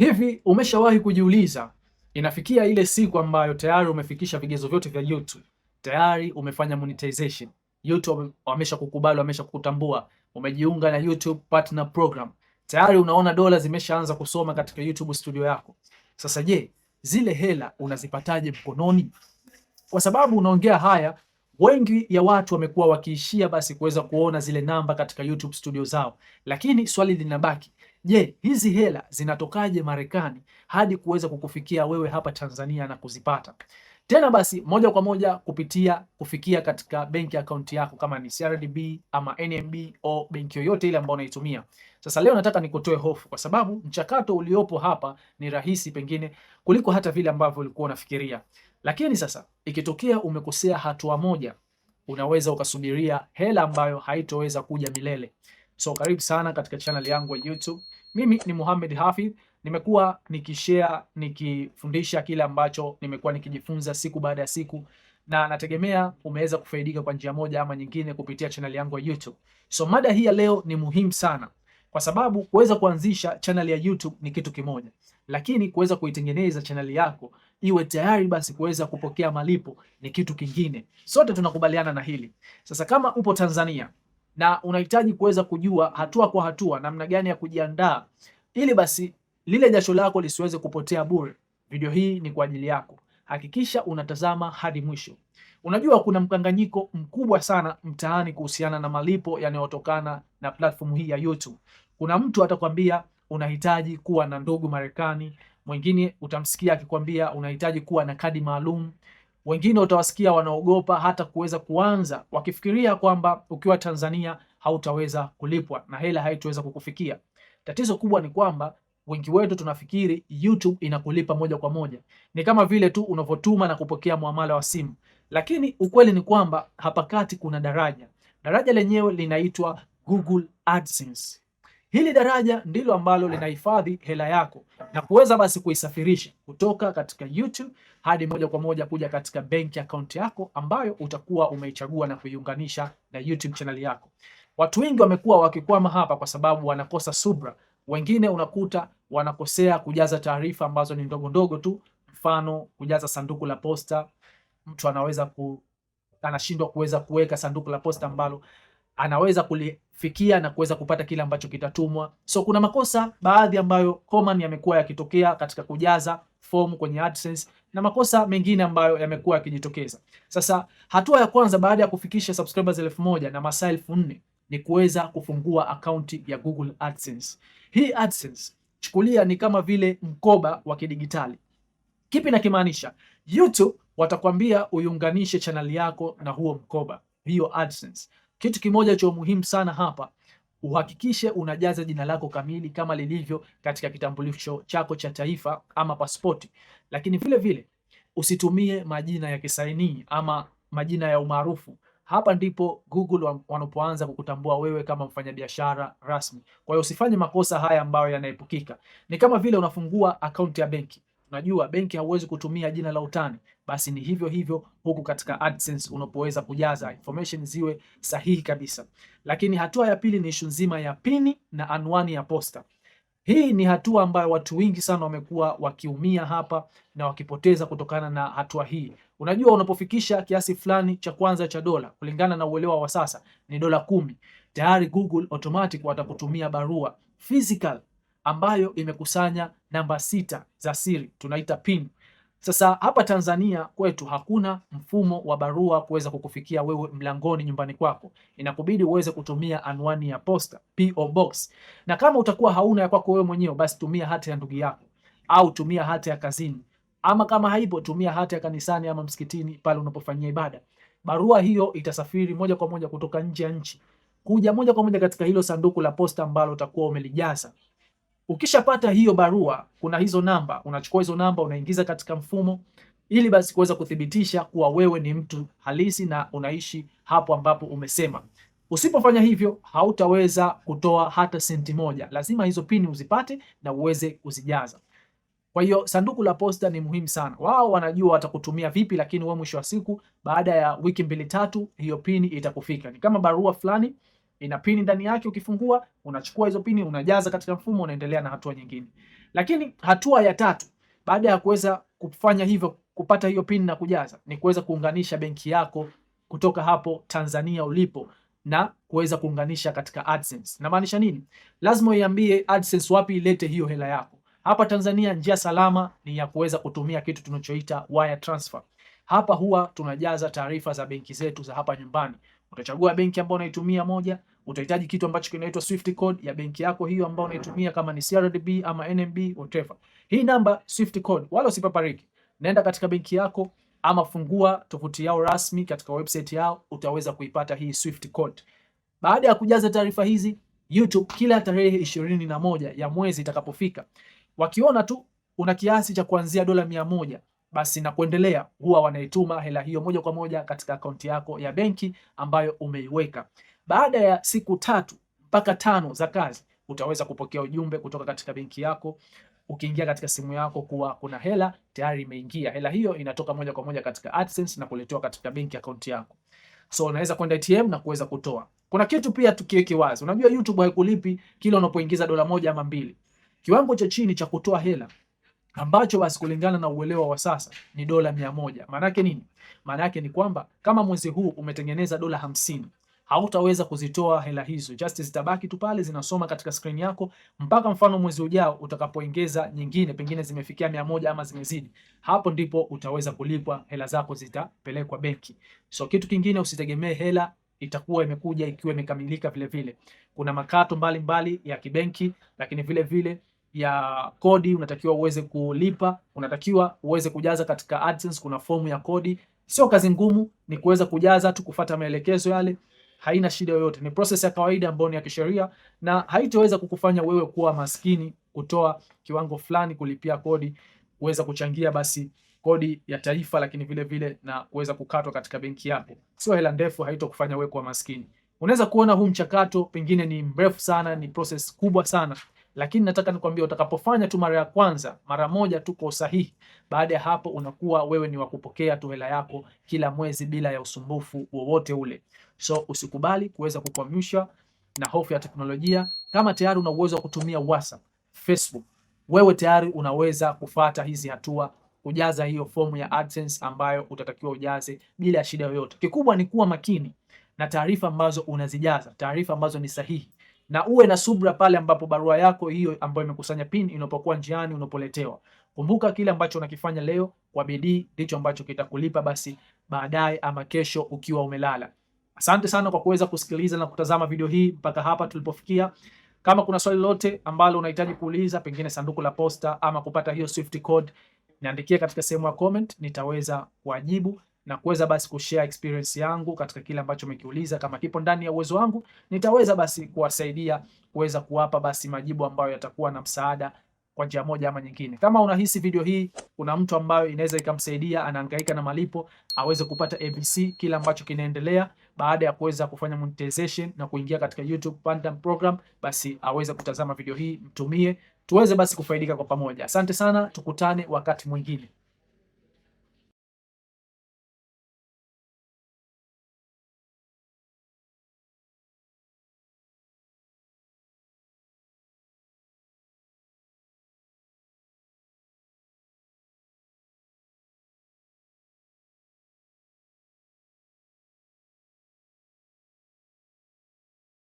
Hivi umeshawahi kujiuliza inafikia ile siku ambayo tayari umefikisha vigezo vyote vya YouTube, tayari umefanya monetization, YouTube wamesha kukubali, wamesha kukutambua, umejiunga na YouTube Partner Program, tayari unaona dola zimeshaanza kusoma katika YouTube studio yako. Sasa je, zile hela unazipataje mkononi? Kwa sababu unaongea haya, wengi ya watu wamekuwa wakiishia basi kuweza kuona zile namba katika YouTube studio zao, lakini swali linabaki Je, hizi hela zinatokaje Marekani hadi kuweza kukufikia wewe hapa Tanzania na kuzipata? Tena basi moja kwa moja kupitia kufikia katika benki akaunti yako kama ni CRDB ama NMB au benki yoyote ile ambayo unaitumia. Sasa leo nataka nikutoe hofu kwa sababu mchakato uliopo hapa ni rahisi pengine kuliko hata vile ambavyo ulikuwa unafikiria. Lakini sasa ikitokea umekosea hatua moja, unaweza ukasubiria hela ambayo haitoweza kuja milele. So karibu sana katika channel yangu ya YouTube mimi ni Muhammad Hafidh, nimekuwa nikishare nikifundisha kile ambacho nimekuwa nikijifunza siku baada ya siku, na nategemea umeweza kufaidika kwa njia moja ama nyingine kupitia chaneli yangu ya YouTube. So mada hii ya leo ni muhimu sana kwa sababu kuweza kuanzisha channel ya YouTube ni kitu kimoja, lakini kuweza kuitengeneza channel yako iwe tayari basi kuweza kupokea malipo ni kitu kingine. Sote tunakubaliana na hili. Sasa kama upo Tanzania na unahitaji kuweza kujua hatua kwa hatua namna gani ya kujiandaa ili basi lile jasho lako lisiweze kupotea bure. Video hii ni kwa ajili yako, hakikisha unatazama hadi mwisho. Unajua kuna mkanganyiko mkubwa sana mtaani kuhusiana na malipo yanayotokana na platform hii ya YouTube. Kuna mtu atakwambia unahitaji kuwa na ndugu Marekani, mwingine utamsikia akikwambia unahitaji kuwa na kadi maalum, wengine utawasikia wanaogopa hata kuweza kuanza, wakifikiria kwamba ukiwa Tanzania hautaweza kulipwa na hela haitoweza kukufikia. Tatizo kubwa ni kwamba wengi wetu tunafikiri YouTube inakulipa moja kwa moja, ni kama vile tu unavyotuma na kupokea muamala wa simu, lakini ukweli ni kwamba hapa kati kuna daraja. Daraja lenyewe linaitwa Google AdSense. Hili daraja ndilo ambalo linahifadhi hela yako na kuweza basi kuisafirisha kutoka katika YouTube hadi moja kwa moja kuja katika benki akaunti yako ambayo utakuwa umeichagua na kuiunganisha na YouTube channel yako. Watu wengi wamekuwa wakikwama hapa kwa sababu wanakosa subra. Wengine unakuta wanakosea kujaza taarifa ambazo ni ndogo ndogo tu, mfano kujaza sanduku la posta. Mtu anaweza ku, anashindwa kuweza kuweka sanduku la posta ambalo anaweza kulifikia na kuweza kupata kile ambacho kitatumwa. So kuna makosa baadhi ambayo common yamekuwa yakitokea katika kujaza fomu kwenye AdSense na makosa mengine ambayo yamekuwa yakijitokeza. Sasa hatua ya kwanza baada ya kufikisha subscribers elfu moja na masaa elfu nne ni kuweza kufungua akaunti ya Google AdSense. Hii AdSense chukulia ni kama vile mkoba wa kidigitali. Kipi nakimaanisha? YouTube watakwambia uiunganishe chaneli yako na huo mkoba, hiyo AdSense. Kitu kimoja cha muhimu sana hapa, uhakikishe unajaza jina lako kamili kama lilivyo katika kitambulisho chako cha taifa ama pasipoti, lakini vile vile usitumie majina ya kisaini ama majina ya umaarufu. Hapa ndipo Google wanapoanza kukutambua wewe kama mfanyabiashara rasmi. Kwa hiyo usifanye makosa haya ambayo yanaepukika. Ni kama vile unafungua akaunti ya benki Unajua benki hauwezi kutumia jina la utani, basi ni hivyo hivyo huku katika AdSense unapoweza kujaza information ziwe sahihi kabisa. Lakini hatua ya pili ni ishu nzima ya pini na anwani ya posta. Hii ni hatua ambayo watu wengi sana wamekuwa wakiumia hapa na wakipoteza kutokana na hatua hii. Unajua, unapofikisha kiasi fulani cha kwanza cha dola, kulingana na uelewa wa sasa ni dola kumi, tayari Google automatic watakutumia barua physical ambayo imekusanya namba sita za siri tunaita pin. Sasa hapa Tanzania kwetu hakuna mfumo wa barua kuweza kukufikia wewe mlangoni nyumbani kwako, inakubidi uweze kutumia anwani ya posta PO Box, na kama utakuwa hauna ya kwako wewe mwenyewe, basi tumia hati ya ndugu yako au tumia hati ya kazini, ama kama haipo, tumia hati ya kanisani ama msikitini pale unapofanyia ibada. Barua hiyo itasafiri moja kwa moja kutoka nje ya nchi kuja moja kwa moja katika hilo sanduku la posta ambalo utakuwa umelijaza. Ukishapata hiyo barua, kuna hizo namba, unachukua hizo namba unaingiza katika mfumo ili basi kuweza kuthibitisha kuwa wewe ni mtu halisi na unaishi hapo ambapo umesema. Usipofanya hivyo, hautaweza kutoa hata senti moja. Lazima hizo pini uzipate na uweze kuzijaza. Kwa hiyo sanduku la posta ni muhimu sana. Wao wanajua watakutumia vipi, lakini wewe mwisho wa siku, baada ya wiki mbili tatu, hiyo pini itakufika. Ni kama barua fulani ina pini ndani yake. Ukifungua unachukua hizo pini, unajaza katika mfumo, unaendelea na hatua nyingine. Lakini hatua ya tatu baada ya kuweza kufanya hivyo, kupata hiyo pini na kujaza, ni kuweza kuunganisha benki yako kutoka hapo Tanzania ulipo na kuweza kuunganisha katika AdSense. Namaanisha nini? Lazima uiambie AdSense wapi ilete hiyo hela yako. Hapa Tanzania njia salama ni ya kuweza kutumia kitu tunachoita wire transfer. Hapa huwa tunajaza taarifa za benki zetu za hapa nyumbani. Utachagua benki ambayo unaitumia moja, utahitaji kitu ambacho kinaitwa Swift code ya benki yako hiyo ambayo unaitumia kama ni CRDB ama NMB whatever. Hii namba Swift code wala usipapariki. Nenda katika benki yako ama fungua tovuti yao rasmi katika website yao utaweza kuipata hii Swift code. Baada ya kujaza taarifa hizi, YouTube kila tarehe ishirini na moja ya mwezi itakapofika, wakiona tu una kiasi cha kuanzia dola mia moja basi na kuendelea, huwa wanaituma hela hiyo moja kwa moja katika akaunti yako ya benki ambayo umeiweka. Baada ya siku tatu mpaka tano za kazi utaweza kupokea ujumbe kutoka katika benki yako ukiingia katika simu yako kuwa kuna hela tayari imeingia. Hela hiyo inatoka moja kwa moja katika AdSense na kuletewa katika benki akaunti yako. So unaweza kwenda ATM na kuweza kutoa. Kuna kitu pia tukiweke wazi, unajua YouTube haikulipi kila unapoingiza dola moja ama mbili. Kiwango cha chini cha kutoa hela ambacho basi kulingana na uelewa wa sasa ni dola mia moja. Maanake nini? Maanake ni kwamba kama mwezi huu umetengeneza dola hamsini hautaweza kuzitoa hela hizo, just zitabaki tu pale zinasoma katika screen yako mpaka mfano mwezi ujao utakapoingeza nyingine, pengine zimefikia mia moja ama zimezidi. Hapo ndipo utaweza kulipwa hela zako, zitapelekwa benki. So kitu kingine, usitegemee hela itakuwa imekuja ikiwa imekamilika. Vile vile kuna makato mbalimbali mbali ya kibenki, lakini vile vile ya kodi unatakiwa uweze kulipa, unatakiwa uweze kujaza katika AdSense, kuna fomu ya kodi. Sio kazi ngumu, ni kuweza kujaza tu, kufuata maelekezo yale, haina shida yoyote. Ni process ya kawaida ambayo ni ya kisheria na haitaweza kukufanya wewe kuwa maskini kutoa kiwango fulani kulipia kodi, kuweza kuchangia basi kodi ya taifa, lakini vile vile na kuweza kukatwa katika benki yako. Sio hela ndefu, haitokufanya wewe kuwa maskini. Unaweza kuona huu mchakato pengine ni mrefu sana, ni process kubwa sana lakini nataka nikwambie, utakapofanya tu mara ya kwanza, mara moja tu kwa usahihi, baada ya hapo unakuwa wewe ni wa kupokea tu hela yako kila mwezi bila ya usumbufu wowote ule. So usikubali kuweza kukwamishwa na hofu ya teknolojia. Kama tayari una uwezo wa kutumia WhatsApp, Facebook, wewe tayari unaweza kufata hizi hatua kujaza hiyo fomu ya AdSense ambayo utatakiwa ujaze bila shida yoyote. Kikubwa ni kuwa makini na taarifa ambazo unazijaza, taarifa ambazo ni sahihi na uwe na subra pale ambapo barua yako hiyo ambayo imekusanya pin inapokuwa njiani unapoletewa. Kumbuka kile ambacho unakifanya leo kwa bidii ndicho ambacho kitakulipa basi baadaye ama kesho ukiwa umelala. Asante sana kwa kuweza kusikiliza na kutazama video hii mpaka hapa tulipofikia. Kama kuna swali lolote ambalo unahitaji kuuliza, pengine sanduku la posta ama kupata hiyo Swift code, niandikie katika sehemu ya comment, nitaweza kuwajibu na kuweza basi kushare experience yangu katika kile ambacho umekiuliza. Kama kipo ndani ya uwezo wangu, nitaweza basi kuwasaidia kuweza kuwapa basi majibu ambayo yatakuwa na msaada kwa njia moja ama nyingine. Kama unahisi video hii kuna mtu ambayo inaweza ikamsaidia, anahangaika na malipo, aweze kupata ABC kile ambacho kinaendelea baada ya kuweza kufanya monetization na kuingia katika YouTube Pandam program, basi aweze kutazama video hii, mtumie tuweze basi kufaidika kwa pamoja. Asante sana, tukutane wakati mwingine.